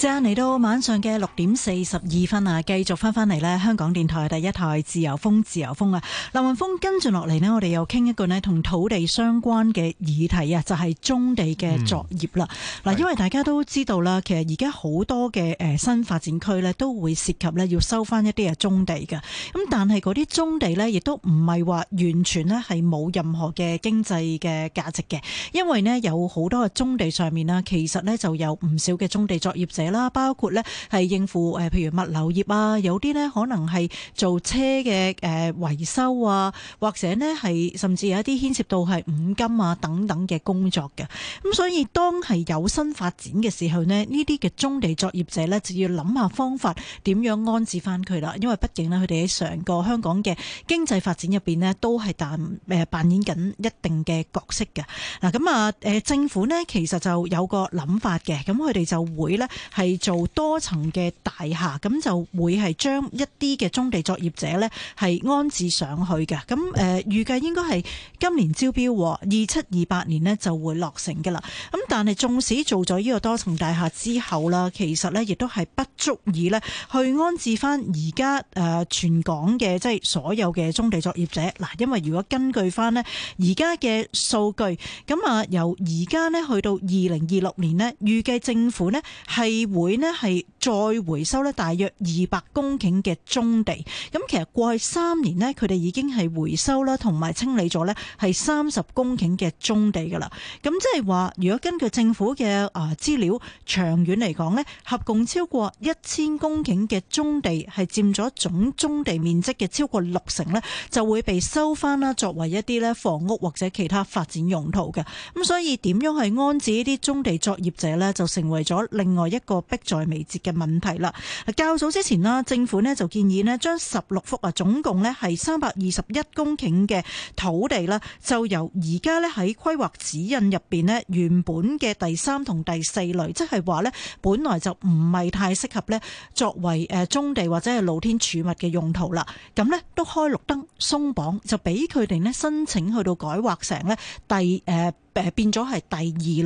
即嚟到晚上嘅六點四十二分啊！繼續翻返嚟咧，香港電台第一台自由風自由風啊！林雲峰跟住落嚟咧，我哋又傾一個咧同土地相關嘅議題啊，就係、是、棕地嘅作業啦。嗱、嗯，因為大家都知道啦，是其實而家好多嘅誒新發展區咧都會涉及咧要收翻一啲嘅棕地嘅。咁但係嗰啲棕地咧，亦都唔係話完全咧係冇任何嘅經濟嘅價值嘅，因為咧有好多嘅棕地上面啦，其實咧就有唔少嘅棕地作業者。啦，包括咧係應付誒，譬如物流業啊，有啲咧可能係做車嘅誒維修啊，或者咧係甚至有一啲牽涉到係五金啊等等嘅工作嘅。咁所以當係有新發展嘅時候呢，呢啲嘅棕地作業者呢，就要諗下方法點樣安置翻佢啦。因為畢竟咧，佢哋喺成個香港嘅經濟發展入邊呢，都係扮誒扮演緊一定嘅角色嘅。嗱咁啊誒，政府呢，其實就有個諗法嘅，咁佢哋就會呢。係做多層嘅大廈，咁就會係將一啲嘅棕地作業者呢係安置上去嘅。咁誒、呃，預計應該係今年招標，二七二八年呢就會落成噶啦。咁但係縱使做咗呢個多層大廈之後啦，其實呢亦都係不足以呢去安置翻而家誒全港嘅即係所有嘅棕地作業者。嗱，因為如果根據翻呢而家嘅數據，咁啊由而家呢去到二零二六年呢，預計政府呢係會呢係再回收呢大約二百公頃嘅棕地。咁其實過去三年呢，佢哋已經係回收啦，同埋清理咗呢係三十公頃嘅棕地噶啦。咁即係話，如果根據政府嘅啊資料，長遠嚟講呢，合共超過一千公頃嘅棕地，係佔咗總棕地面積嘅超過六成呢，就會被收返啦，作為一啲呢房屋或者其他發展用途嘅。咁所以點樣係安置呢啲棕地作業者呢，就成為咗另外一個迫在眉睫嘅問題啦！較早之前啦，政府咧就建議咧將十六幅，啊總共咧係三百二十一公頃嘅土地咧，就由而家咧喺規劃指引入邊咧原本嘅第三同第四類，即係話呢，本來就唔係太適合咧作為誒棕地或者係露天儲物嘅用途啦。咁呢，都開綠燈鬆綁，就俾佢哋咧申請去到改劃成咧第誒。呃誒變咗係第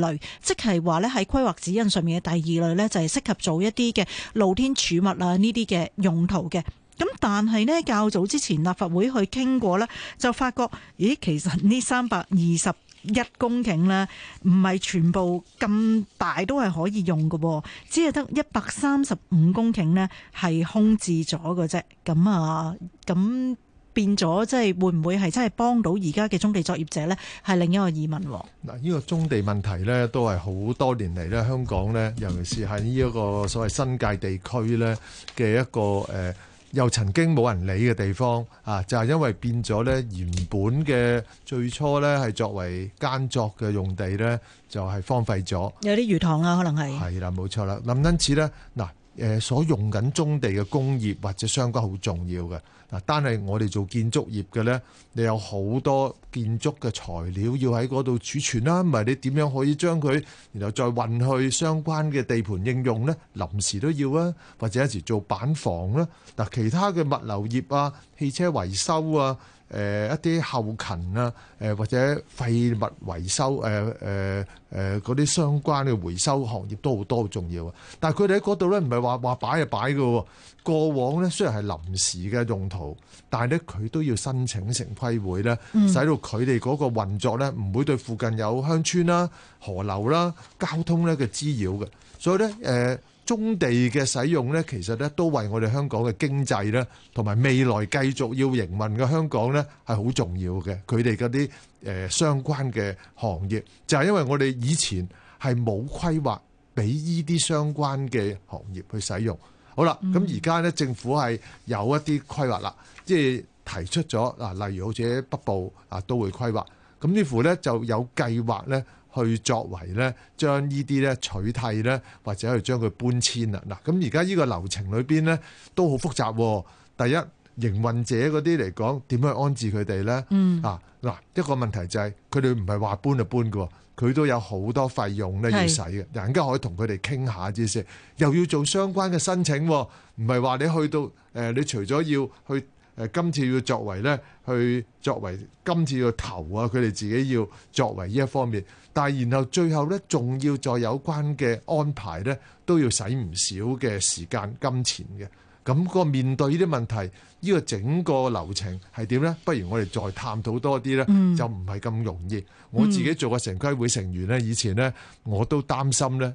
二類，即係話呢喺規劃指引上面嘅第二類呢，就係適合做一啲嘅露天儲物啊呢啲嘅用途嘅。咁但係呢，較早之前立法會去傾過呢，就發覺，咦其實呢三百二十一公頃呢，唔係全部咁大都係可以用㗎喎，只係得一百三十五公頃呢，係空置咗㗎啫。咁啊，咁。變咗，即係會唔會係真係幫到而家嘅棕地作業者咧？係另一個疑問。嗱，依個棕地問題咧，都係好多年嚟咧，香港咧，尤其是喺依一個所謂新界地區咧嘅一個誒，又曾經冇人理嘅地方啊，就係因為變咗咧，原本嘅最初咧係作為耕作嘅用地咧，就係荒廢咗。有啲魚塘啊，可能係係啦，冇錯啦。咁因此咧，嗱誒，所用緊棕地嘅工業或者相關好重要嘅。嗱，單係我哋做建築業嘅咧，你有好多建築嘅材料要喺度儲存啦，唔係你點樣可以將佢然後再運去相關嘅地盤應用咧？臨時都要啊，或者一時做板房啦。嗱，其他嘅物流業啊、汽車維修啊、誒、呃、一啲後勤啊、誒、呃、或者廢物維修、誒誒誒啲相關嘅回收行業都好多好重要啊。但係佢哋喺度咧，唔係話話擺就擺嘅喎。過往咧雖然係臨時嘅用途。好，但係咧，佢都要申請成規會咧，使到佢哋嗰個運作咧，唔會對附近有鄉村啦、河流啦、交通咧嘅滋擾嘅。所以咧，誒、呃，棕地嘅使用咧，其實咧都為我哋香港嘅經濟咧，同埋未來繼續要營運嘅香港咧，係好重要嘅。佢哋嗰啲誒相關嘅行業，就係、是、因為我哋以前係冇規劃俾依啲相關嘅行業去使用。好啦，咁而家咧政府係有一啲規劃啦，即係提出咗嗱，例如好似北部啊都會規劃，咁呢乎咧就有計劃咧去作為咧，將呢啲咧取締咧，或者去將佢搬遷啦。嗱，咁而家呢個流程裏邊咧都好複雜。第一營運者嗰啲嚟講，點樣安置佢哋咧？嗯、啊，嗱一個問題就係佢哋唔係話搬就搬㗎喎。佢都有好多費用咧要使嘅，是人家可以同佢哋傾下啲事，又要做相關嘅申請，唔係話你去到、呃、你除咗要去、呃、今次要作為咧，去作為今次要投啊，佢哋自己要作為呢一方面，但係然後最後咧，仲要再有關嘅安排咧，都要使唔少嘅時間金錢嘅。咁個面對呢啲問題，呢、呢個整個流程係點呢？不如我哋再探討多啲呢、嗯、就唔係咁容易。嗯、我自己做個城規會成員呢，以前呢我都擔心呢，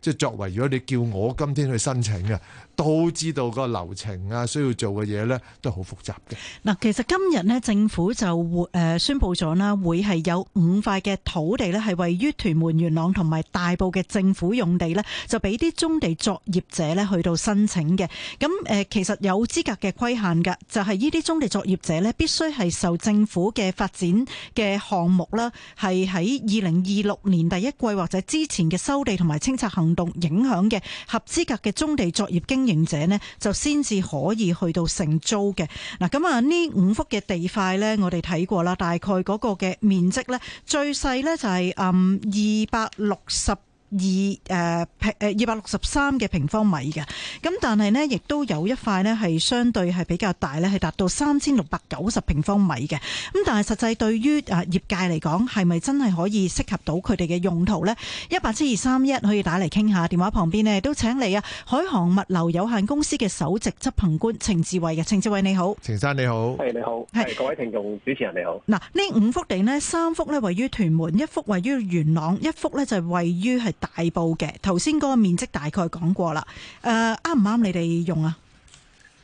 即係作為如果你叫我今天去申請嘅，都知道個流程啊，需要做嘅嘢呢都好複雜嘅。嗱，其實今日呢政府就誒宣布咗啦，會係有五塊嘅土地呢係位於屯門元朗同埋大埔嘅政府用地呢，就俾啲棕地作業者呢去到申請嘅。咁誒，其實有資格嘅規限㗎，就係呢啲棕地作業者咧，必須係受政府嘅發展嘅項目啦，係喺二零二六年第一季或者之前嘅收地同埋清拆行動影響嘅合資格嘅棕地作業經營者呢，就先至可以去到承租嘅。嗱，咁啊，呢五幅嘅地塊呢，我哋睇過啦，大概嗰個嘅面積呢、就是，最細呢就係嗯二百六十。二二百六十三嘅平方米嘅，咁但係呢亦都有一塊呢，係相對係比較大呢，係達到三千六百九十平方米嘅。咁但係實際對於業界嚟講，係咪真係可以適合到佢哋嘅用途呢？一八七二三一可以打嚟傾下，電話，旁邊呢都請嚟啊！海航物流有限公司嘅首席執行官程志偉嘅，程志偉你好，程生你好，係你好，係各位聽眾主持人你好。嗱，呢五幅地呢，三幅呢位於屯門，一幅位於元朗，一幅呢就係位於係。大布嘅，頭先嗰個面積大概講過啦，誒啱唔啱你哋用啊？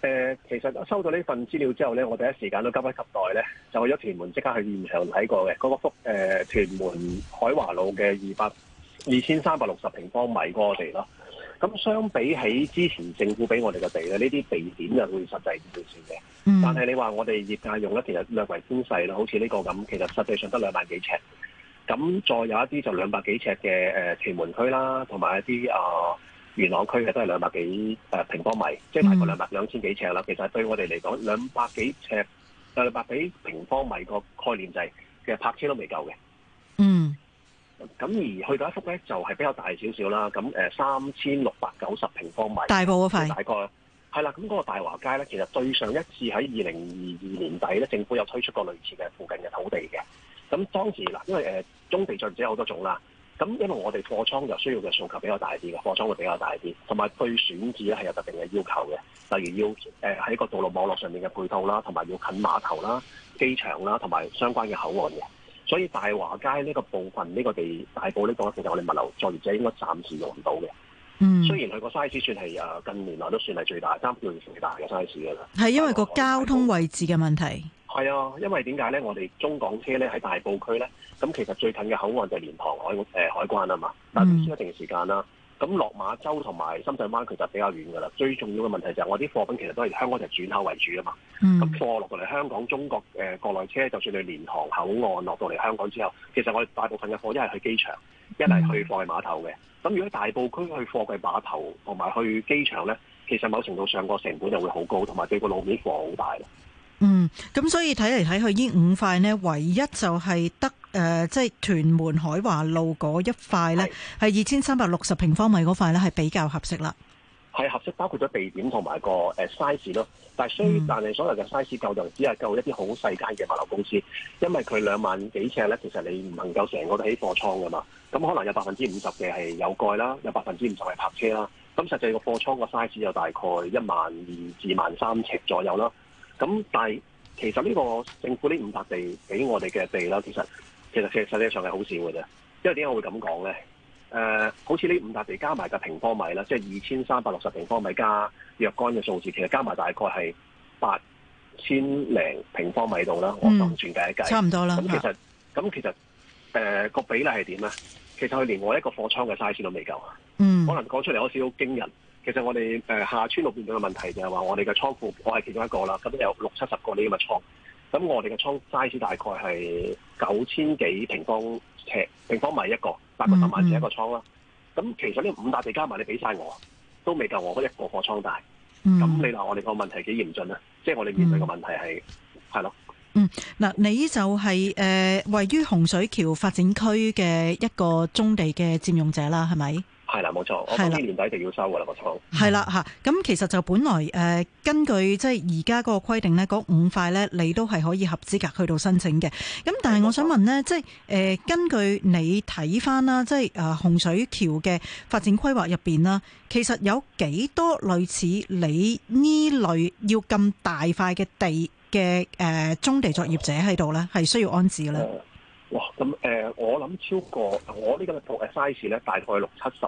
誒，其實收到呢份資料之後咧，我第一時間都急不及待咧，就去咗屯門即刻去現場睇過嘅。嗰、那個幅誒、呃、屯門海華路嘅二百二千三百六十平方米個地咯，咁相比起之前政府俾我哋嘅地咧，呢啲地點就會實際少少嘅。嗯、但係你話我哋業界用咧，其實略為偏細啦，好似呢個咁，其實實際上得兩萬幾尺。咁再有一啲就兩百幾尺嘅誒屯門區啦，同埋一啲啊、呃、元朗區嘅都係兩百幾誒平方米，嗯、即係大概兩百兩千幾尺啦。其實對我哋嚟講，兩百幾尺兩百幾平方米個概念就係、是、其實泊車都未夠嘅。嗯，咁而去到一幅咧，就係、是、比較大少少啦。咁誒三千六百九十平方米，大埔嗰塊，大概係啦。咁嗰個大華街咧，其實對上一次喺二零二二年底咧，政府有推出過類似嘅附近嘅土地嘅。咁當時嗱，因為誒、呃、棕地作業者有好多種啦。咁因為我哋貨倉就需要嘅需求比較大啲嘅，貨倉會比較大啲，同埋對選址咧係有特定嘅要求嘅。例如要誒喺個道路網絡上面嘅配套啦，同埋要近碼頭啦、機場啦，同埋相關嘅口岸嘅。所以大華街呢個部分，呢、這個地大埔呢個，其實我哋物流作業者應該暫時用唔到嘅。嗯，雖然佢個 size 算係誒近年來都算係最大，三段連大嘅 size 嘅啦。係因為個交通位置嘅問題。係啊，因為點解咧？我哋中港車咧喺大埔區咧，咁其實最近嘅口岸就係蓮塘海誒海關啊嘛，嗯、但唔需要一定時間啦。咁落馬洲同埋深圳灣佢就比較遠噶啦。最重要嘅問題就係、是、我啲貨品其實都係香港人轉口為主啊嘛。咁、嗯、貨落到嚟香港中國誒國內車，就算你蓮塘口岸落到嚟香港之後，其實我哋大部分嘅貨一係去機場，一係、嗯、去貨櫃碼頭嘅。咁如果大埔區去貨櫃碼頭同埋去機場咧，其實某程度上個成本就會好高，同埋對個路面負荷好大啦。.嗯，咁所以睇嚟睇去呢五塊呢，唯一就係得誒、呃，即係屯門海華路嗰一塊呢，係二千三百六十平方米嗰塊呢，係比較合適啦。係合適，包括咗地點同埋個誒 size 咯。但係雖但係所有嘅 size 夠就只係夠一啲好細間嘅物流公司，因為佢兩萬幾尺呢，其實你唔能夠成個都起貨倉噶嘛。咁可能有百分之五十嘅係有蓋啦，有百分之五十係泊車啦。咁實際個貨倉個 size 就大概一萬二至萬三尺左右啦。咁但係，其實呢個政府呢五笪地俾我哋嘅地啦，其實其實其實實際上係好少嘅啫。因為點解我會咁講咧？誒、呃，好似呢五笪地加埋個平方米啦，即係二千三百六十平方米加若干嘅數字，其實加埋大概係八千零平方米度啦。嗯、我唔全計一計，差唔多啦。咁其實咁、啊、其實誒個、呃、比例係點咧？其實佢連我一個貨倉嘅 size 都未夠啊。嗯。可能講出嚟好似好驚人。其實我哋下村路邊度嘅問題就係話我哋嘅倉庫，我係其中一個啦。咁有六七十個呢咁物倉，咁我哋嘅倉 size 大概係九千幾平方尺、平方米一個，百十萬尺一個倉啦。咁其實呢五笪地加埋，你俾晒我都未夠我嗰一個個倉大。咁你話，我哋個問題幾嚴峻啊？即係我哋面對嘅問題係係咯。嗯，嗱，你就係誒位於洪水橋發展區嘅一個中地嘅佔用者啦，係咪？係啦，冇錯，錯是的我嗰年底就要收噶啦，個廠。係啦的，吓的，咁其實就本來誒，根據即係而家嗰個規定呢，嗰五塊呢，你都係可以合資格去到申請嘅。咁但係我想問呢，即係誒，根據你睇翻啦，即係誒洪水橋嘅發展規劃入邊啦，其實有幾多類似你呢類要咁大塊嘅地嘅誒，棕地作業者喺度呢？係需要安置呢？呃、哇，咁、呃、誒，我諗超過我呢個 size 呢，大概六七十。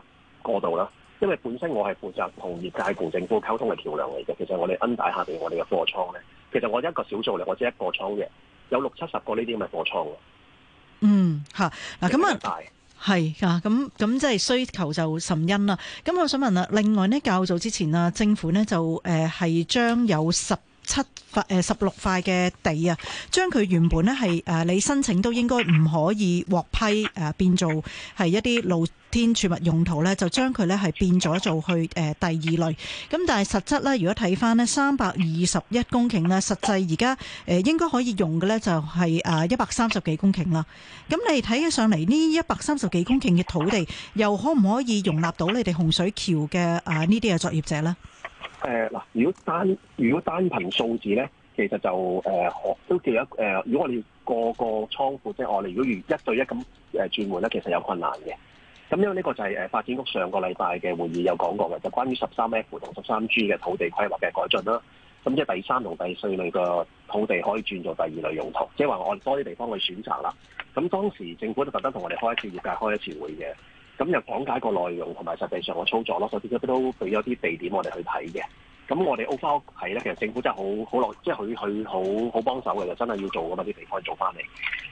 度啦，因為本身我係負責同業界同政府溝通嘅橋梁嚟嘅，其實我哋恩大下面，我哋嘅貨倉咧，其實我一個小組嚟，我只一個倉嘅，有六七十個呢啲咁嘅貨倉嗯，嚇嗱，咁啊，係啊，咁咁即係需求就甚殷啦。咁我想問啊，另外呢較早之前啊，政府呢就誒係、呃、將有十。七塊誒十六塊嘅地啊，將佢原本呢係誒你申請都應該唔可以獲批誒、啊、變做係一啲露天儲物用途呢，就將佢呢係變咗做去誒、啊、第二類。咁但係實質呢，如果睇翻呢三百二十一公頃呢，實際而家誒應該可以用嘅呢，就係誒一百三十幾公頃啦。咁你睇起上嚟呢一百三十幾公頃嘅土地，又可唔可以容納到你哋洪水橋嘅誒呢啲嘅作業者呢？嗱、呃，如果單如果單憑數字咧，其實就誒、呃、都叫一誒、呃。如果我哋個個倉庫即係、就是、我哋，如果要一對一咁轉換咧，其實有困難嘅。咁因為呢個就係發展局上個禮拜嘅會議有講過嘅，就關於十三 F 同十三 G 嘅土地規劃嘅改進啦。咁即係第三同第四類嘅土地可以轉做第二類用途，即係話我哋多啲地方去選擇啦。咁當時政府就特登同我哋開一次業界開一次會嘅。咁又講解個內容同埋實際上個操作咯，甚至呢，佢都俾咗啲地點我哋去睇嘅。咁我哋 o 翻屋企咧，其實政府真係好好落，即係佢佢好好幫手嘅，就係、真係要做噶嘛啲地方做翻嚟。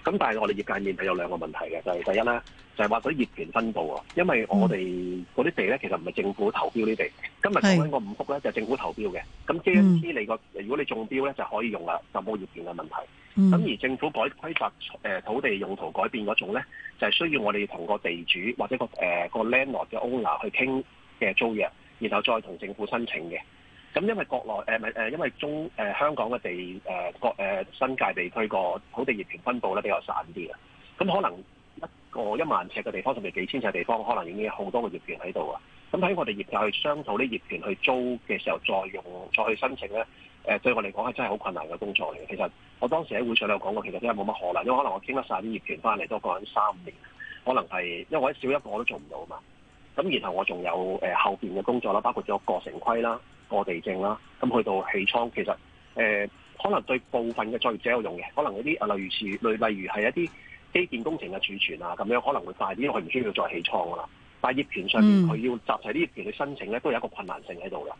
咁但係我哋業界面係有兩個問題嘅，就係、係、第一咧，就係話嗰啲業權分佈啊，因為我哋嗰啲地咧其實唔係政府投標啲地，今日講緊個五幅咧就係政府投標嘅，咁即係呢你個如果你中標咧就可以用啦，就冇業權嘅問題。咁、嗯、而政府改規範，土地用途改變嗰種咧，就係需要我哋同個地主或者個誒個 landlord 嘅 owner 去傾嘅租約，然後再同政府申請嘅。咁因為國內因為中香港嘅地新界地區個土地業權分布咧比較散啲啦，咁可能一個一萬尺嘅地方同埋幾千尺嘅地方，可能已經有好多個業權喺度啦。咁喺我哋業界去商討啲業權去租嘅時候，再用再去申請咧。誒對我嚟講係真係好困難嘅工作嚟嘅。其實我當時喺會上有講過，其實真係冇乜可能，因為可能我傾得曬啲業權翻嚟都過緊三年，可能係因為我少一,一個我都做唔到嘛。咁然後我仲有後面嘅工作啦，包括咗個城規啦、個地政啦，咁去到起倉，其實、呃、可能對部分嘅作業者有用嘅，可能嗰啲例如例如係一啲基建工程嘅儲存啊咁樣可能會快啲，因為佢唔需要再起倉噶啦。但係業權上面，佢、嗯、要集齊啲業權去申請咧，都有一個困難性喺度嘅。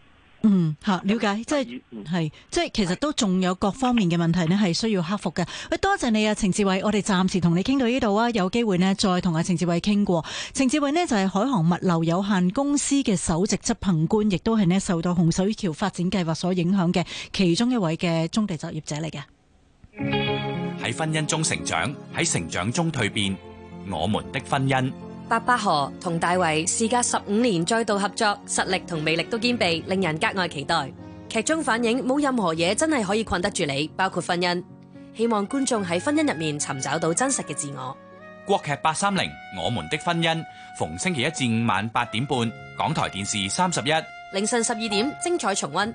嗯，嚇，了解，即係即係其實都仲有各方面嘅問題呢係需要克服嘅。喂，多謝你啊，程志偉，我哋暫時同你傾到呢度啊，有機會呢，再同阿程志偉傾過。程志偉呢，就係、是、海航物流有限公司嘅首席執行官，亦都係受到洪水橋發展計劃所影響嘅其中一位嘅棕地作業者嚟嘅。喺婚姻中成長，喺成長中蛻變，我們的婚姻。白百何同大衛事隔十五年再度合作，實力同魅力都兼備，令人格外期待。劇中反映冇任何嘢真係可以困得住你，包括婚姻。希望觀眾喺婚姻入面尋找到真實嘅自我。國劇八三零我們的婚姻逢星期一至五晚八點半，港台電視三十一，凌晨十二點精彩重溫。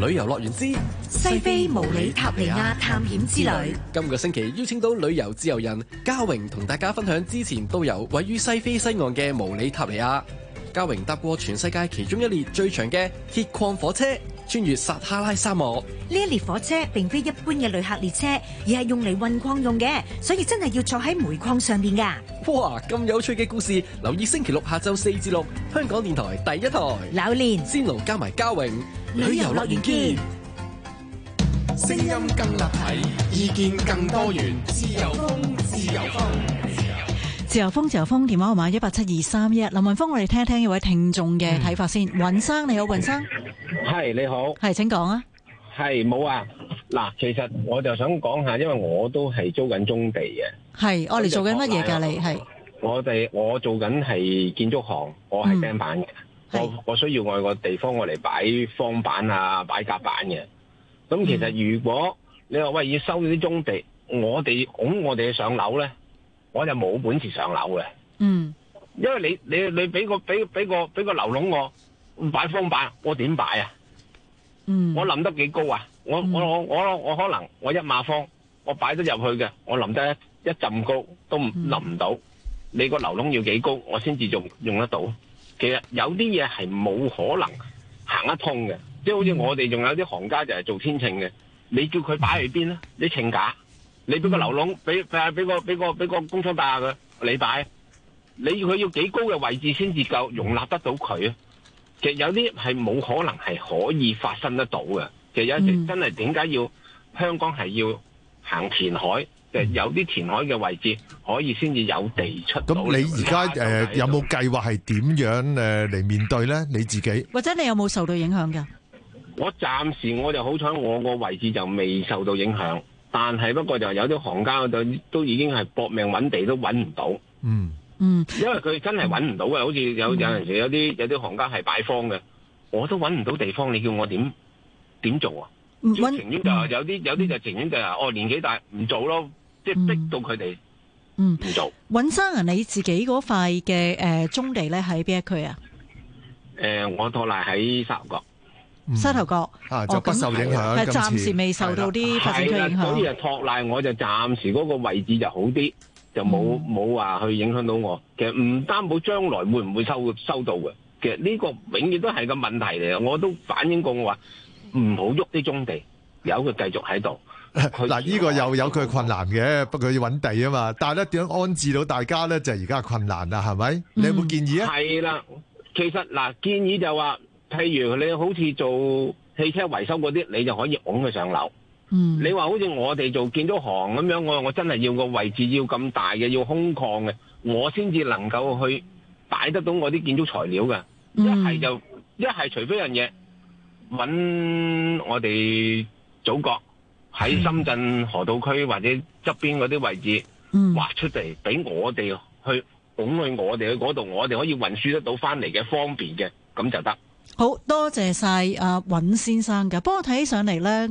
旅遊樂園之西非毛里塔尼亞探險之旅，今個星期邀請到旅遊自由人嘉榮同大家分享。之前都有位於西非西岸嘅毛里塔尼亞，嘉榮搭過全世界其中一列最長嘅鐵礦火車。穿越撒哈拉沙漠呢一列火車並非一般嘅旅客列車，而係用嚟運礦用嘅，所以真係要坐喺煤礦上邊噶、啊。哇！咁有趣嘅故事，留意星期六下晝四至六，香港電台第一台，柳蓮年、先奴加埋嘉穎，旅遊樂園見，見聲音更立體，意見更多元，自由風，自由風。自由風，自由風，電話號碼一八七二三一。林雲峰，我哋聽一聽呢位聽眾嘅睇法先。雲、嗯、生你好，雲生係你好，係請講啊。係冇啊，嗱，其實我就想講下，因為我都係租緊棕地嘅。係，我嚟做緊乜嘢噶？你係我哋，我做緊係建築行，是我係釘板嘅，我需要我個地方我嚟擺方板啊，擺夾板嘅。咁其實如果你話喂要收啲棕地，我哋咁我哋上樓咧？我就冇本事上樓嘅，嗯，因為你你你俾個俾俾個俾個樓籠我擺方板，我點擺啊？嗯，我淋得幾高啊？我我我我我可能我一碼方，我擺得入去嘅，我淋得一一陣高都淋唔到。你個樓籠要幾高，我先至用用得到。其實有啲嘢係冇可能行得通嘅，即係好似我哋仲有啲行家就係做天秤嘅，你叫佢擺去邊咧？你請假？你俾個流籠，俾誒俾個俾個俾個工廠大廈佢，你擺，你佢要幾高嘅位置先至夠容納得到佢啊？其實有啲係冇可能係可以發生得到嘅。其實有啲真係點解要香港係要行填海？就係有啲填海嘅位置可以先至有地出。咁你而家誒有冇計劃係點樣誒嚟面對咧？你自己或者你有冇受到影響嘅？我暫時我就好彩，我個位置就未受到影響。但係不過就係有啲行家就都已經係搏命揾地都揾唔到，嗯嗯，因為佢真係揾唔到嘅，好似有有陣時有啲有啲行家係擺方嘅，我都揾唔到地方，你叫我點點做啊？要情願就係有啲有啲就情願就係哦年紀大唔做咯，即係逼到佢哋唔做。蔣生啊，你自己嗰塊嘅誒棕地咧喺邊一區啊？誒，我托賴喺沙角。沙頭角啊，就不受影響暫、嗯、次時未受到啲發展影響。所以啊托賴我就暫時嗰個位置就好啲，就冇冇話去影響到我。其實唔擔保將來會唔會收收到嘅。其實呢個永遠都係個問題嚟。我都反映過我話唔好喐啲棕地，繼啊這個、有佢繼續喺度。嗱，呢個又有佢困難嘅，不過要揾地啊嘛。但係咧點樣安置到大家咧，就而家困難啦，係咪？嗯、你有冇建議啊？係啦，其實嗱、啊，建議就話。譬如你好似做汽車維修嗰啲，你就可以拱佢上樓。嗯，你話好似我哋做建築行咁樣，我我真係要個位置要咁大嘅，要空曠嘅，我先至能夠去擺得到我啲建築材料嘅。一係就一係，除非樣嘢揾我哋祖國喺深圳河套區或者側邊嗰啲位置劃出嚟俾我哋去拱去我哋去嗰度，我哋可以運輸得到翻嚟嘅方便嘅，咁就得。好多謝晒阿尹先生噶，不過睇起上嚟呢，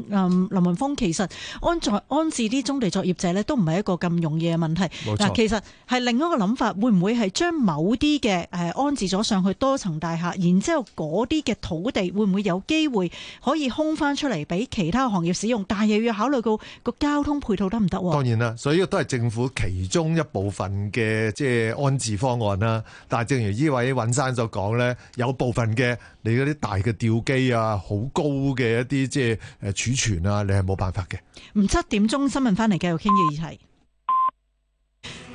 林文峰其實安在安置啲中地作業者呢，都唔係一個咁容易嘅問題。冇錯，其實係另一個諗法，會唔會係將某啲嘅誒安置咗上去多層大廈，然之後嗰啲嘅土地會唔會有機會可以空翻出嚟俾其他行業使用？但係又要考慮到個交通配套得唔得？當然啦，所以都係政府其中一部分嘅即係安置方案啦。但係正如呢位尹先生所講呢，有部分嘅。你嗰啲大嘅吊機啊，好高嘅一啲即係誒儲存啊，你係冇辦法嘅。唔七點鐘新聞返嚟，繼續傾嘅議題。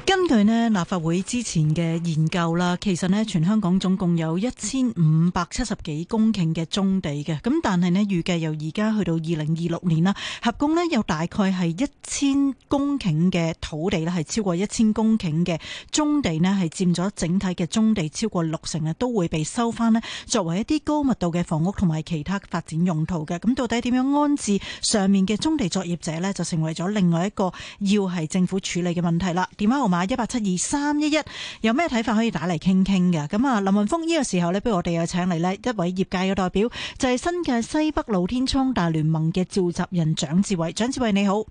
根據呢立法會之前嘅研究啦，其實呢全香港總共有一千五百七十幾公頃嘅棕地嘅，咁但係呢預計由而家去到二零二六年啦，合共呢有大概係一千公頃嘅土地呢，係超過一千公頃嘅棕地呢，係佔咗整體嘅棕地超過六成咧，都會被收翻呢作為一啲高密度嘅房屋同埋其他發展用途嘅。咁到底點樣安置上面嘅棕地作業者呢，就成為咗另外一個要係政府處理嘅問題啦。電話號碼。一八七二三一一，11，有咩睇法可以打嚟傾傾嘅？咁啊，林文峰呢個時候咧，不如我哋又請嚟咧一位業界嘅代表，就係、是、新界西北露天倉大聯盟嘅召集人蔣志偉。蔣志偉你好。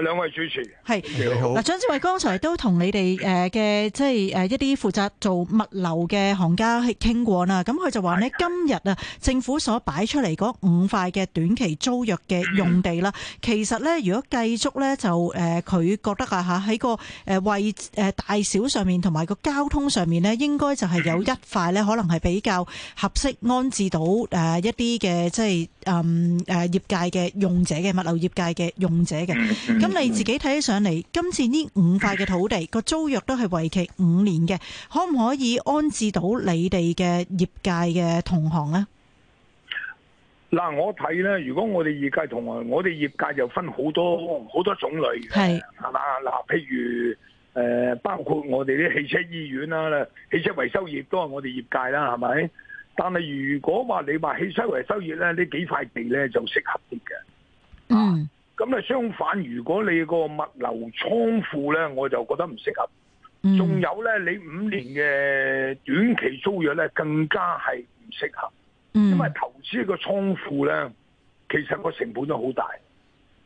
兩位主持，係是你好。嗱，蔣志偉剛才都同你哋誒嘅即係誒一啲負責做物流嘅行家去傾過啦。咁佢就話呢，今日啊，政府所擺出嚟嗰五塊嘅短期租約嘅用地啦，的其實呢，如果繼續呢，就誒佢、呃、覺得啊嚇喺個誒位誒大小上面同埋個交通上面呢，應該就係有一塊呢，可能係比較合適安置到誒一啲嘅即係誒誒業界嘅用者嘅物流業界嘅用者嘅。咁你自己睇起上嚟，今次呢五塊嘅土地個 租約都係為期五年嘅，可唔可以安置到你哋嘅業界嘅同行呢？嗱，我睇咧，如果我哋業界同行，我哋業界又分好多好多種類，係係嘛？嗱，譬如，誒，包括我哋啲汽車醫院啦、汽車維修業都係我哋業界啦，係咪？但係如果話你話汽車維修業咧，呢幾塊地咧就適合啲嘅，嗯。咁啊，相反，如果你個物流倉庫咧，我就覺得唔適合。嗯、仲有咧，你五年嘅短期租約咧，更加係唔適合。嗯、因為投資個倉庫咧，其實個成本都好大。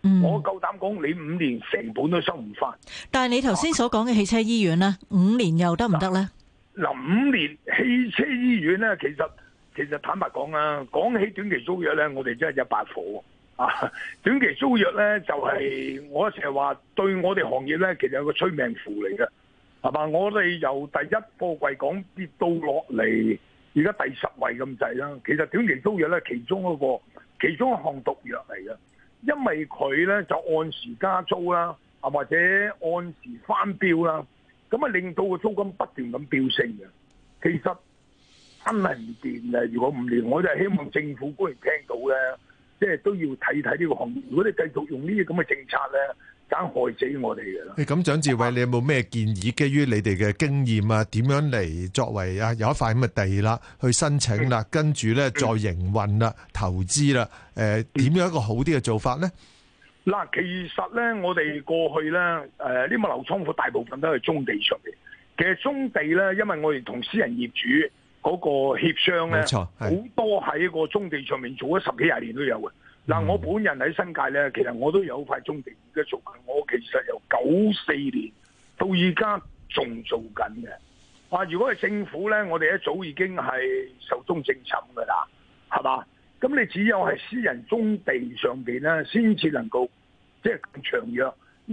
嗯、我夠膽講，你五年成本都收唔返。但係你頭先所講嘅汽車醫院咧，啊、五年又得唔得咧？嗱，五年汽車醫院咧，其實其實坦白講啊，講起短期租約咧，我哋真係一把火。啊，短期租約咧就係、是、我成日話對我哋行業咧，其實有個催命符嚟嘅，係嘛？我哋由第一貨櫃港跌到落嚟，而家第十位咁滯啦。其實短期租約咧，其中一個，其中一項毒藥嚟嘅，因為佢咧就按時加租啦，啊或者按時翻標啦，咁啊令到個租金不斷咁飆升嘅。其實真係唔掂嘅，如果唔掂，我就希望政府官員聽到咧。即係都要睇睇呢個行業。如果你繼續用呢啲咁嘅政策咧，梗害死我哋嘅啦。咁，蔣志偉，你有冇咩建議？基於你哋嘅經驗啊，點樣嚟作為啊有一塊咁嘅地啦，去申請啦，跟住咧再營運啦、的投資啦，誒點樣一個好啲嘅做法咧？嗱，其實咧，我哋過去咧，誒呢個流倉庫大部分都係棕地上面。其實棕地咧，因為我哋同私人業主。嗰個協商咧，好錯多喺個棕地上面做咗十幾廿年都有嘅。嗱、嗯，我本人喺新界咧，其實我都有塊棕地而家做緊，我其實由九四年到而家仲做緊嘅。哇！如果係政府咧，我哋一早已經係壽終正寢㗎啦，係嘛？咁你只有係私人棕地上面咧，先至能夠即係長約。就是因為嗰、嗰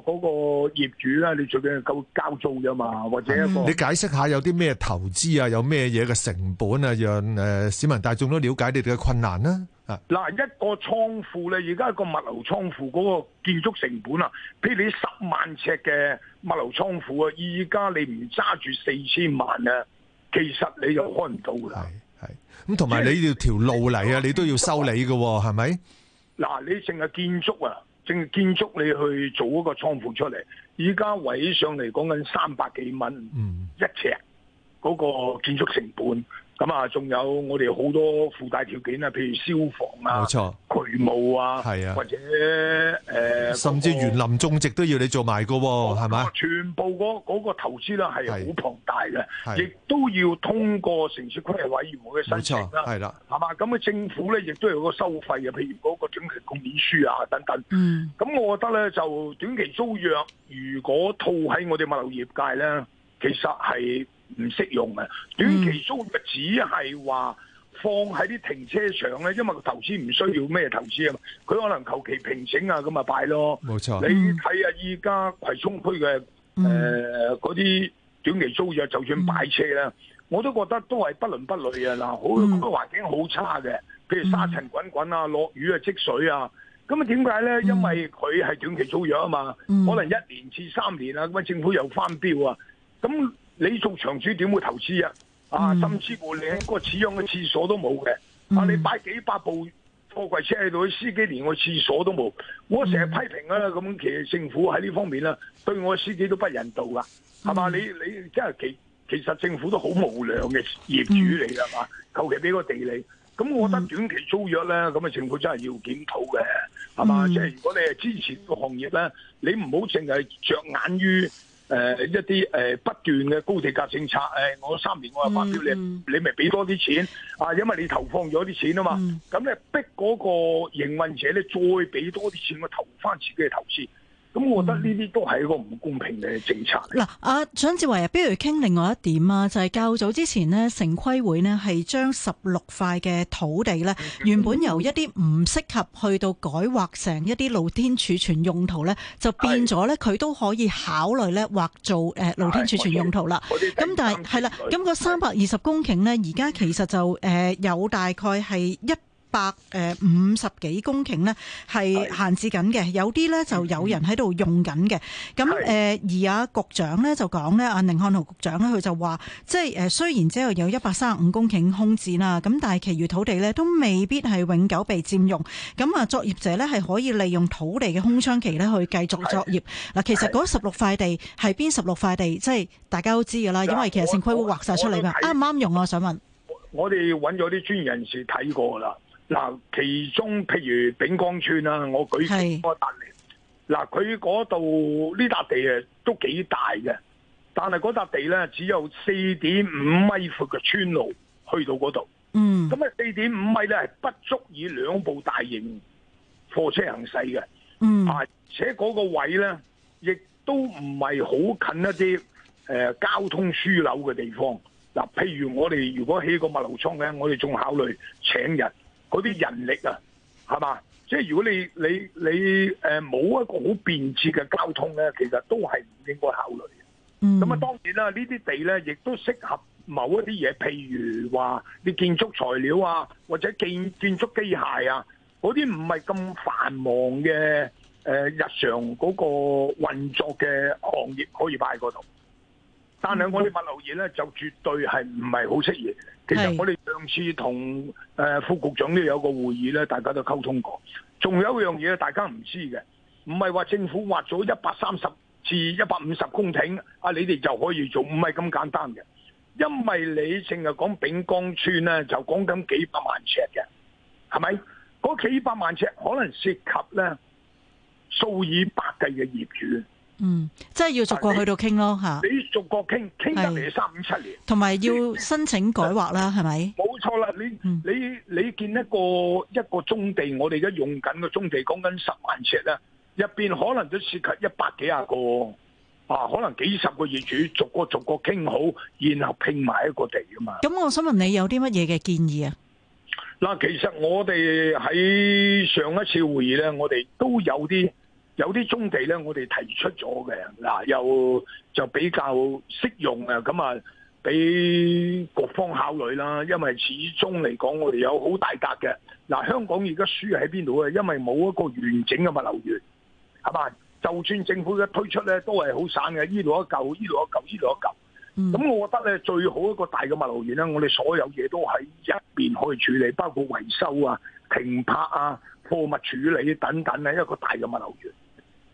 個、嗰個業主咧，你最緊要夠交租咋嘛，或者一個、嗯、你解釋下有啲咩投資啊，有咩嘢嘅成本啊，讓誒、呃、市民大眾都了解你哋嘅困難啦。啊，嗱，一個倉庫咧，而家一個物流倉庫嗰個建築成本啊，譬如你十萬尺嘅物流倉庫啊，而家你唔揸住四千萬啊，其實你就開唔到噶。係係咁，同埋你要條路嚟啊，的你都要修理嘅，係咪？嗱，你淨係建築啊？正建築你去做一個倉庫出嚟，依家位上嚟講緊三百幾蚊一尺嗰、嗯、個建築成本。咁啊，仲有我哋好多附帶條件啊，譬如消防啊、渠錯務啊，係、嗯、啊，或者誒，呃、甚至園林種植都要你做埋喎，係咪、那個？吧全部嗰、那個投資咧係好龐大嘅，亦都要通過城市規劃委員會嘅申請係啦，係嘛？咁啊，那個、政府咧亦都有個收費啊，譬如嗰個短期豁免書啊等等。嗯，咁我覺得咧就短期租約，如果套喺我哋物流業界咧，其實係。唔適用嘅短期租約只係話放喺啲停車場咧，因為投資唔需要咩投資啊嘛，佢可能求其平整啊咁咪擺咯。冇錯，你睇下依家葵涌區嘅誒嗰啲短期租約，就算擺車啦，我都覺得都係不倫不類啊！嗱，嗰個環境好差嘅，譬如沙塵滾滾啊，落雨啊積水啊，咁啊點解咧？因為佢係短期租約啊嘛，嗯、可能一年至三年啊，咁啊政府又翻標啊，咁。你做場主點會投資啊？Mm hmm. 啊，甚至乎連一個似樣嘅廁所都冇嘅。Mm hmm. 啊，你擺幾百部貨櫃車喺度，司機連個廁所都冇。我成日批評啊咁、mm hmm. 其實政府喺呢方面啦，對我司機都不人道噶，係嘛、mm hmm.？你你真係其其實政府都好無良嘅業主嚟噶嘛？求其俾個地理咁我覺得短期租約咧，咁啊政府真係要檢討嘅，係嘛？Mm hmm. 即係如果你係支持個行業咧，你唔好淨係着眼於。誒、呃、一啲誒、呃、不斷嘅高地價政策，誒、呃、我三年我就發表你，嗯、你咪俾多啲錢啊！因為你投放咗啲錢啊嘛，咁、嗯、你逼嗰個營運者咧再俾多啲錢我投翻自己嘅投資。咁我覺得呢啲都係一個唔公平嘅政策。嗱、嗯，阿蔣志偉啊，不如傾另外一點啊，就係、是、較早之前呢，城規會呢係將十六塊嘅土地呢，嗯、原本由一啲唔適合去到改劃成一啲露天儲存用途呢，就變咗呢，佢都可以考慮呢劃做誒露天儲存用途啦。咁但係係啦，咁、那個三百二十公頃呢，而家其實就誒有大概係一百誒五十幾公頃咧係限制緊嘅，是有啲呢就有人喺度用緊嘅。咁誒是而阿局長呢就講呢阿寧漢豪局，局長呢，佢就話即係誒雖然之後有一百三十五公頃空置啦，咁但係其餘土地呢都未必係永久被佔用。咁啊作業者呢係可以利用土地嘅空窗期呢去繼續作業。嗱是，其實嗰十六塊地係邊十六塊地？即係大家都知噶啦，啊、因為其實城規會劃曬出嚟嘅。啱唔啱用我、啊、想問我，我哋揾咗啲專業人士睇過啦。嗱，其中譬如丙江村啊，是我舉幾多笪嚟。嗱，佢嗰度呢笪地啊，都幾大嘅，但係嗰笪地咧只有四點五米闊嘅村路去到嗰度。嗯，咁啊，四點五米咧係不足以兩部大型貨車行駛嘅。嗯，啊，且嗰個位咧亦都唔係好近一啲誒、呃、交通樞紐嘅地方。嗱，譬如我哋如果起個物流倉咧，我哋仲考慮請人。嗰啲人力啊，係嘛？即係如果你你你誒冇一個好便捷嘅交通咧，其實都係唔應該考慮嘅。咁啊、嗯，當然啦，呢啲地咧亦都適合某一啲嘢，譬如話啲建築材料啊，或者建建築機械啊，嗰啲唔係咁繁忙嘅、呃、日常嗰個運作嘅行業可以擺喺嗰度。但係我哋物流業咧就絕對係唔係好適宜。其實我哋上次同副局長咧有個會議咧，大家都溝通過。仲有一樣嘢大家唔知嘅，唔係話政府劃咗一百三十至一百五十公頃，阿你哋就可以做，唔係咁簡單嘅。因為你淨係講丙江村咧，就講緊幾百萬尺嘅，係咪？嗰幾百萬尺可能涉及咧數以百計嘅業主。嗯，即係要逐個去到傾咯吓，你逐個傾，傾得嚟三五七年，同埋要申請改劃啦，係咪、嗯？冇錯吧啦，你你你見一個一個棕地，我哋而家用緊嘅棕地，講緊十萬尺啦，入邊可能都涉及一百幾十個，啊，可能幾十個業主逐個逐個傾好，然後拼埋一個地噶嘛。咁我想問你有啲乜嘢嘅建議啊？嗱，其實我哋喺上一次會議咧，我哋都有啲。有啲棕地咧，我哋提出咗嘅嗱，又就比較適用嘅咁啊，俾局方考慮啦。因為始終嚟講，我哋有好大格嘅嗱。香港而家輸喺邊度啊？因為冇一個完整嘅物流園，係咪？就算政府一推出咧，都係好散嘅。呢度一嚿，呢度一嚿，呢度一嚿。咁、嗯、我覺得咧，最好一個大嘅物流園咧，我哋所有嘢都喺一邊可以處理，包括維修啊、停泊啊、貨物處理等等啊，一個大嘅物流園。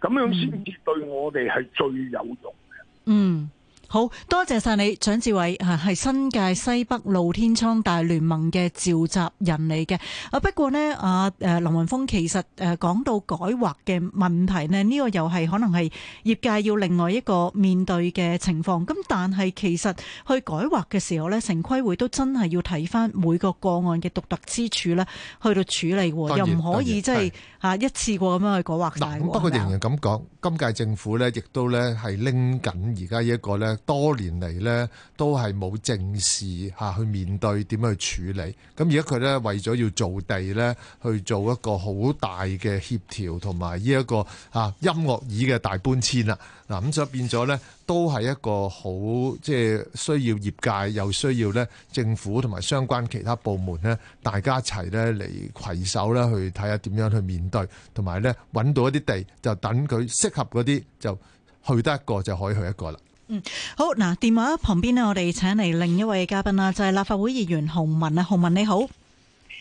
咁樣先至對我哋係最有用嘅。嗯。好多謝晒你，蔣志偉嚇係新界西北露天倉大聯盟嘅召集人嚟嘅。啊不過呢，啊誒林雲峰，其實誒講到改劃嘅問題呢，呢，呢個又係可能係業界要另外一個面對嘅情況。咁但係其實去改劃嘅時候呢，城規會都真係要睇翻每個個案嘅獨特之處呢，去到處理，然又唔可以即係嚇一次過咁樣去改劃。不過仍然咁講，嗎今屆政府呢亦都呢係拎緊而家呢一個呢。多年嚟咧，都係冇正視吓去面對點樣去處理。咁而家佢咧為咗要做地咧，去做一個好大嘅協調，同埋呢一個啊音樂椅嘅大搬遷啦。嗱咁就變咗咧，都係一個好，即係需要業界，又需要咧政府同埋相關其他部門咧，大家一齊咧嚟攜手咧去睇下點樣去面對，同埋咧揾到一啲地就等佢適合嗰啲，就去得一個就可以去一個啦。嗯，好嗱，電話旁邊呢，我哋請嚟另一位嘉賓啦，就係、是、立法會議員洪雯啊，洪雯你好。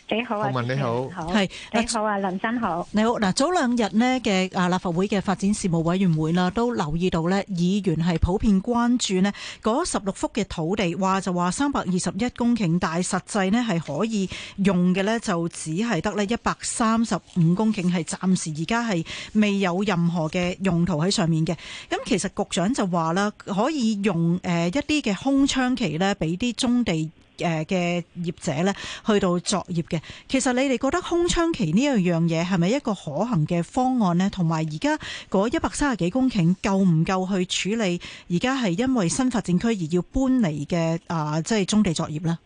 幾好啊！文你好，係你好啊，是好啊林生好，你好。嗱，早兩日呢嘅啊立法會嘅發展事務委員會啦，都留意到呢議員係普遍關注呢嗰十六幅嘅土地，話就話三百二十一公頃，但係實際呢係可以用嘅呢，就只係得呢一百三十五公頃，係暫時而家係未有任何嘅用途喺上面嘅。咁其實局長就話啦，可以用誒一啲嘅空窗期呢，俾啲棕地。誒嘅業者咧，去到作業嘅，其實你哋覺得空窗期呢一樣嘢係咪一個可行嘅方案呢？同埋而家嗰一百三十幾公頃夠唔夠去處理而家係因為新發展區而要搬嚟搬離嘅啊，即係棕地作業呢？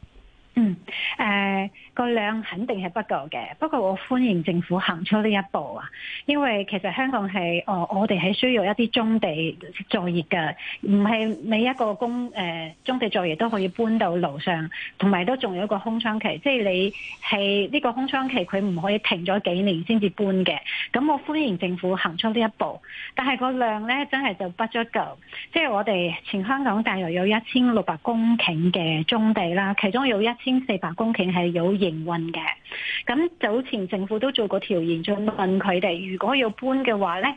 嗯，誒、uh。個量肯定係不夠嘅，不過我歡迎政府行出呢一步啊！因為其實香港係，哦，我哋係需要一啲棕地作業嘅，唔係每一個工、呃、棕地作業都可以搬到樓上，同埋都仲有一個空窗期，即係你係呢個空窗期佢唔可以停咗幾年先至搬嘅。咁我歡迎政府行出呢一步，但係個量呢真係就不足夠，即係我哋全香港大約有一千六百公頃嘅棕地啦，其中有一千四百公頃係有，營運嘅，咁早前政府都做過調研，再問佢哋，如果要搬嘅話呢，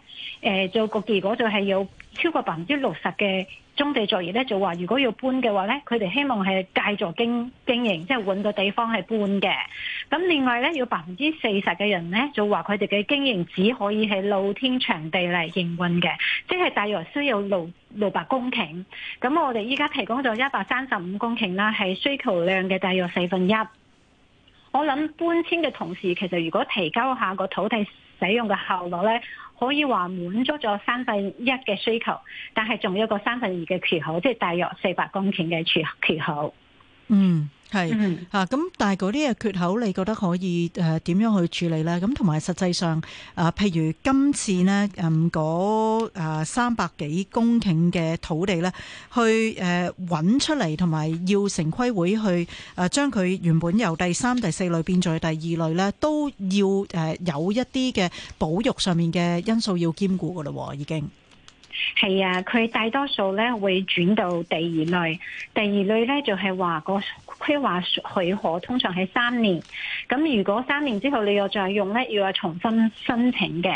誒做個結果就係有超過百分之六十嘅棕地作業呢，就話如果要搬嘅話呢，佢哋希望係繼續經經營，即係換個地方係搬嘅。咁另外呢，有百分之四十嘅人呢，就話佢哋嘅經營只可以係露天場地嚟營運嘅，即係大約需要六六百公頃。咁我哋依家提供咗一百三十五公頃啦，係需求量嘅大約四分一。我諗搬遷嘅同時，其實如果提高下個土地使用嘅效率咧，可以話滿足咗三分一嘅需求，但係仲有一個三分二嘅缺口，即係大約四百公頃嘅缺缺口。嗯。係吓咁，但係嗰啲嘅缺口，你覺得可以誒點樣去處理咧？咁同埋實際上誒，譬如今次呢，誒嗰、誒三百幾公頃嘅土地咧，去誒揾出嚟，同埋要城規會去誒將佢原本由第三、第四類變作第二類咧，都要誒有一啲嘅保育上面嘅因素要兼顧噶啦，已經。係啊，佢大多數咧會轉到第二類，第二類咧就係話個規劃許可通常係三年，咁如果三年之後你又再用咧，要重新申請嘅。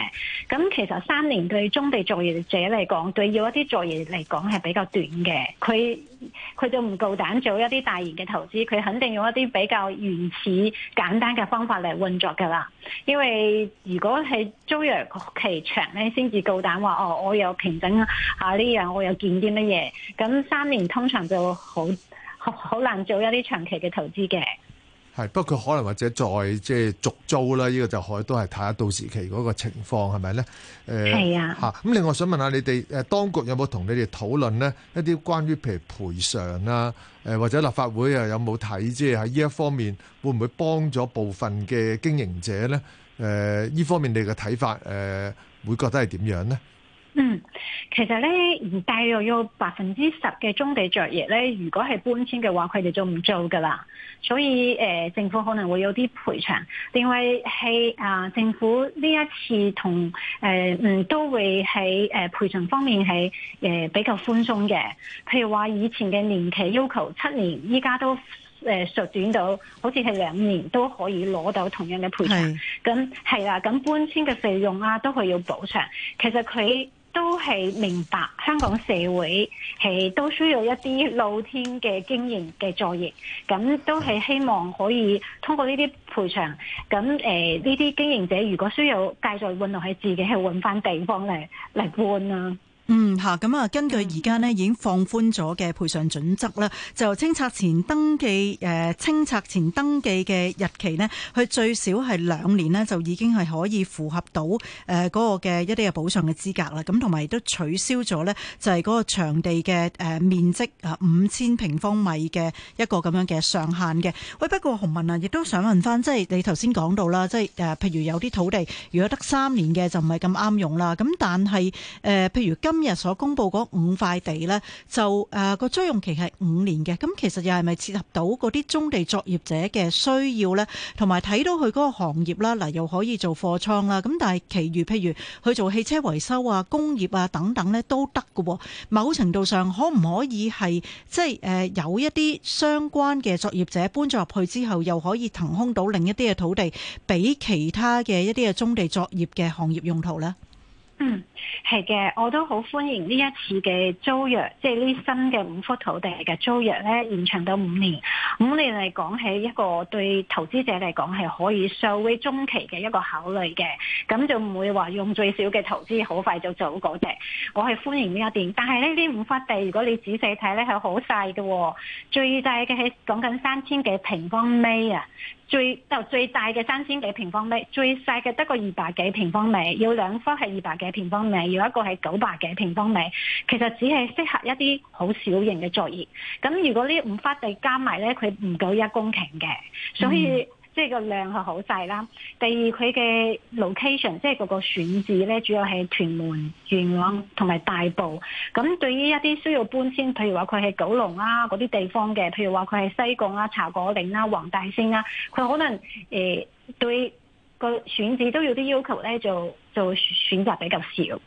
咁其實三年對棕地作業者嚟講，對要一啲作業嚟講係比較短嘅，佢。佢就唔夠膽做一啲大型嘅投資，佢肯定用一啲比較原始簡單嘅方法嚟運作㗎啦。因為如果係租約期長咧，先至夠膽話哦，我又平整啊呢樣，我有見啲乜嘢。咁三年通常就好好難做一啲長期嘅投資嘅。係，不過佢可能或者再即係續租啦，呢、這個就可以都係睇下到時期嗰個情況係咪咧？誒、吓、呃、咁、啊、另外想問下你哋，誒，當局有冇同你哋討論咧？一啲關於譬如賠償啊，誒、呃，或者立法會啊，有冇睇即係喺呢一方面會唔會幫咗部分嘅經營者咧？誒、呃，呢方面你嘅睇法，誒、呃，會覺得係點樣咧？嗯，其實咧，大約有百分之十嘅棕地作業咧，如果係搬遷嘅話，佢哋就唔做㗎喇。所以誒、呃，政府可能會有啲賠償。另外係啊，政府呢一次同誒嗯、呃、都會喺誒賠償方面係誒、呃、比較寬鬆嘅。譬如話以前嘅年期要求七年，依家都誒縮、呃、短到好似係兩年都可以攞到同樣嘅賠償。咁係啦，咁、啊、搬遷嘅費用啊都係要補償。其實佢。都係明白香港社會係都需要一啲露天嘅經營嘅作業，咁都係希望可以通過呢啲賠償，咁誒呢啲經營者如果需要繼續運落去，自己去搵返地方嚟嚟換啊。嗯，吓，咁啊，根據而家咧已經放寬咗嘅賠償準則啦，就清拆前登記誒清拆前登記嘅日期咧，佢最少係兩年咧，就已經係可以符合到誒嗰個嘅一啲嘅補償嘅資格啦。咁同埋亦都取消咗咧，就係嗰個場地嘅誒面積啊，五千平方米嘅一個咁樣嘅上限嘅。喂，不過洪雯啊，亦都想問翻，即係你頭先講到啦，即係誒譬如有啲土地如果得三年嘅就唔係咁啱用啦。咁但係誒譬如今今日所公布嗰五塊地咧，就誒個租用期係五年嘅。咁其實又係咪切合到嗰啲棕地作業者嘅需要咧？同埋睇到佢嗰個行業啦，嗱又可以做貨倉啦。咁但係其餘譬如去做汽車維修啊、工業啊等等咧，都得㗎。某程度上，可唔可以係即係誒有一啲相關嘅作業者搬咗入去之後，又可以騰空到另一啲嘅土地俾其他嘅一啲嘅棕地作業嘅行業用途咧？嗯，係嘅，我都好歡迎呢一次嘅租約，即係呢新嘅五幅土地嘅租約咧，延長到五年。五年嚟講起，一個對投資者嚟講係可以稍微中期嘅一個考慮嘅，咁就唔會話用最少嘅投資好快就做嗰隻。我係歡迎呢一點，但係呢啲五幅地，如果你仔細睇咧，係好細嘅喎，最大嘅係講緊三千幾平方米啊。最就最大嘅三千幾平方米，最細嘅得個二百幾平方米，有兩忽係二百幾平方米，有一個係九百幾平方米，其實只係適合一啲好小型嘅作業。咁如果呢五忽地加埋咧，佢唔夠一公頃嘅，所以、嗯。即係個量係好細啦。第二，佢嘅 location 即係嗰個選址咧，主要係屯門、元朗同埋大埔。咁對於一啲需要搬遷，譬如話佢係九龍啊嗰啲地方嘅，譬如話佢係西貢啊、茶果嶺啊、黃大仙啊，佢可能、呃、對個選址都有啲要求咧，就就選擇比較少。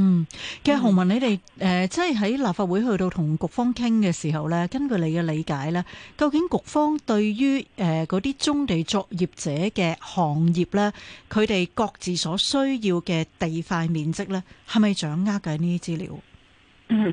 嗯，其實洪雯，你哋誒即係喺立法會去到同局方傾嘅時候咧，根據你嘅理解咧，究竟局方對於誒嗰啲棕地作業者嘅行業咧，佢哋各自所需要嘅地塊面積咧，係咪掌握緊呢啲資料？嗯，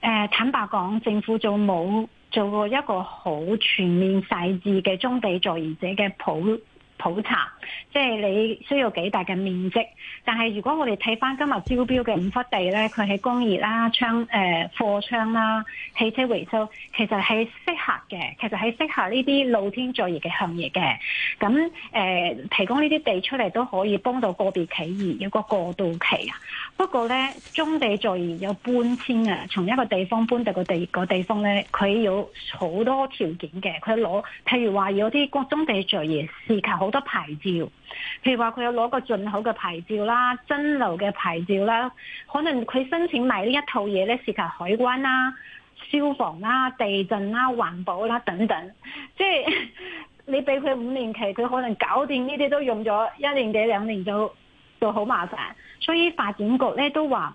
誒坦白講，政府做冇做過一個好全面細緻嘅棕地作業者嘅普普查，即係你需要幾大嘅面積。但係如果我哋睇翻今日招標嘅五忽地咧，佢喺工業啦、窗誒、呃、貨倉啦、汽車維修，其實係適合嘅。其實係適合呢啲露天作業嘅行業嘅。咁誒、呃，提供呢啲地出嚟都可以幫到個別企業有個過渡期啊。不過咧，棕地作業有搬遷啊，從一個地方搬到個地、個地方咧，佢有好多條件嘅。佢攞譬如話有啲國棕地作業涉及。好多牌照，譬如話佢有攞個進口嘅牌照啦、蒸餾嘅牌照啦，可能佢申請埋呢一套嘢咧涉及海關啦、消防啦、地震啦、環保啦等等，即係你俾佢五年期，佢可能搞掂呢啲都用咗一年幾兩年就就好麻煩，所以發展局咧都話。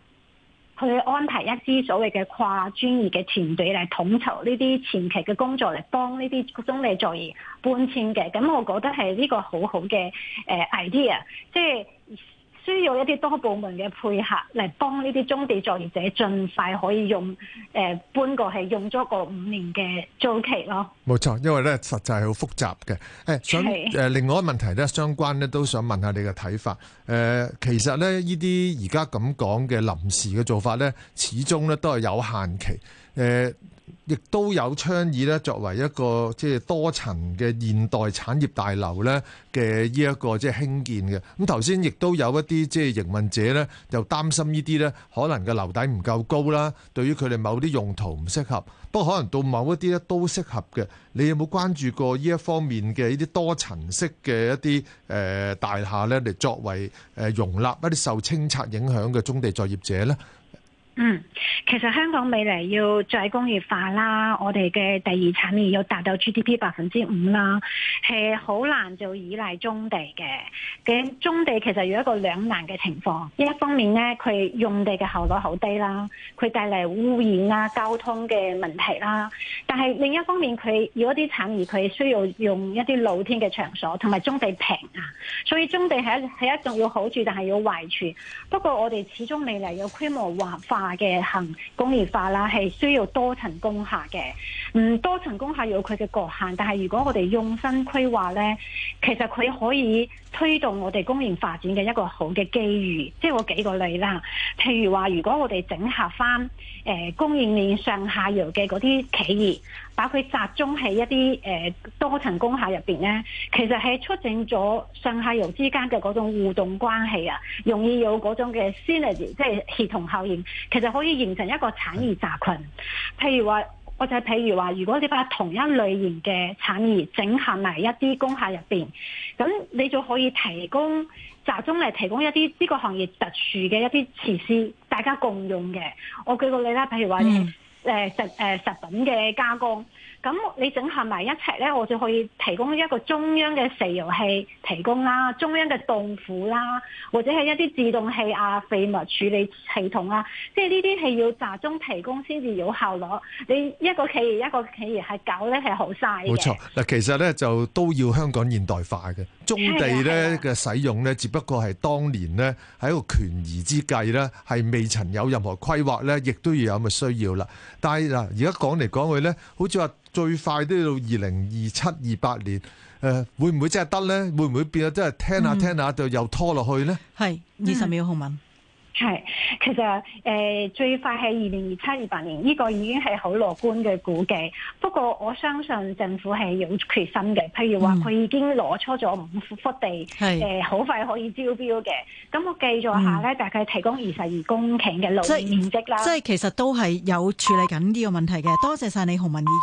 去安排一支所謂嘅跨專業嘅團隊嚟統籌呢啲前期嘅工作，嚟幫呢啲棕地作業搬遷嘅，咁我覺得係呢個好好嘅誒 idea，即係。需要一啲多部門嘅配合，嚟幫呢啲棕地作業者盡快可以用，誒、呃、搬過係用咗個五年嘅租期咯。冇錯，因為咧實際係好複雜嘅。誒、欸，想誒、呃，另外一個問題咧，相關咧，都想問下你嘅睇法。誒、呃，其實咧呢啲而家咁講嘅臨時嘅做法咧，始終咧都係有限期。誒、呃。亦都有倡議咧，作為一個即係多層嘅現代產業大樓咧嘅呢一個即係興建嘅。咁頭先亦都有一啲即係營運者咧，就擔心呢啲咧可能嘅樓底唔夠高啦，對於佢哋某啲用途唔適合。不過可能到某一啲咧都適合嘅。你有冇關注過呢一方面嘅呢啲多層式嘅一啲誒大廈咧，嚟作為誒容納一啲受清拆影響嘅棕地作業者咧？嗯，其實香港未來要再工業化啦，我哋嘅第二產業要達到 GDP 百分之五啦，係好難就依賴棕地嘅。嘅棕地其實有一個兩難嘅情況，一方面咧佢用地嘅效率好低啦，佢帶嚟污染啊、交通嘅問題啦。但係另一方面，佢如果啲產業佢需要用一啲露天嘅場所，同埋棕地平啊，所以棕地係係一係一定要好處，但係要壞處，不過我哋始終未來要規模化化。嘅行工業化啦，係需要多層工廈嘅。嗯，多層工廈有佢嘅局限，但係如果我哋用心規劃咧，其實佢可以推動我哋工業發展嘅一個好嘅機遇。即係我幾個例啦，譬如話，如果我哋整合翻。誒、呃、供應鏈上下游嘅嗰啲企業，把佢集中喺一啲誒、呃、多層工廈入邊咧，其實係促進咗上下游之間嘅嗰種互動關係啊，容易有嗰種嘅 synergy 即係協同效應。其實可以形成一個產業集群。譬如話，或者譬如話，如果你把同一類型嘅產業整合埋一啲工廈入邊，咁你就可以提供集中嚟提供一啲呢個行業特殊嘅一啲設施。大家共用嘅，我舉個例啦，譬如話，誒食誒食品嘅加工。咁你整合埋一齊呢，我就可以提供一個中央嘅石油器提供啦，中央嘅凍庫啦，或者係一啲自動器啊、廢物處理系統啊，即係呢啲係要集中提供先至有效率。你一個企業一個企業係搞呢，係好嘥嘅。冇錯，嗱，其實呢就都要香港現代化嘅，棕地呢嘅的使用呢，只不過係當年呢係一個權宜之計咧，係未曾有任何規劃呢，亦都要有咁嘅需要啦。但係嗱，而家講嚟講去呢，好似話。最快都要到二零二七二八年，誒、呃、會唔會真係得呢？會唔會變咗？真係聽下聽下就又拖落去呢？係二十秒，洪雯係其實誒、呃、最快係二零二七二八年，呢、呢個已經係好樂觀嘅估計。不過我相信政府係有決心嘅，譬如話佢已經攞出咗五幅地，誒好、嗯呃、快可以招標嘅。咁是、嗯、我計咗下咧，大概提供二十二公頃嘅土地面積啦。即係其實都係有處理緊呢個問題嘅。多謝晒你，洪雯議員。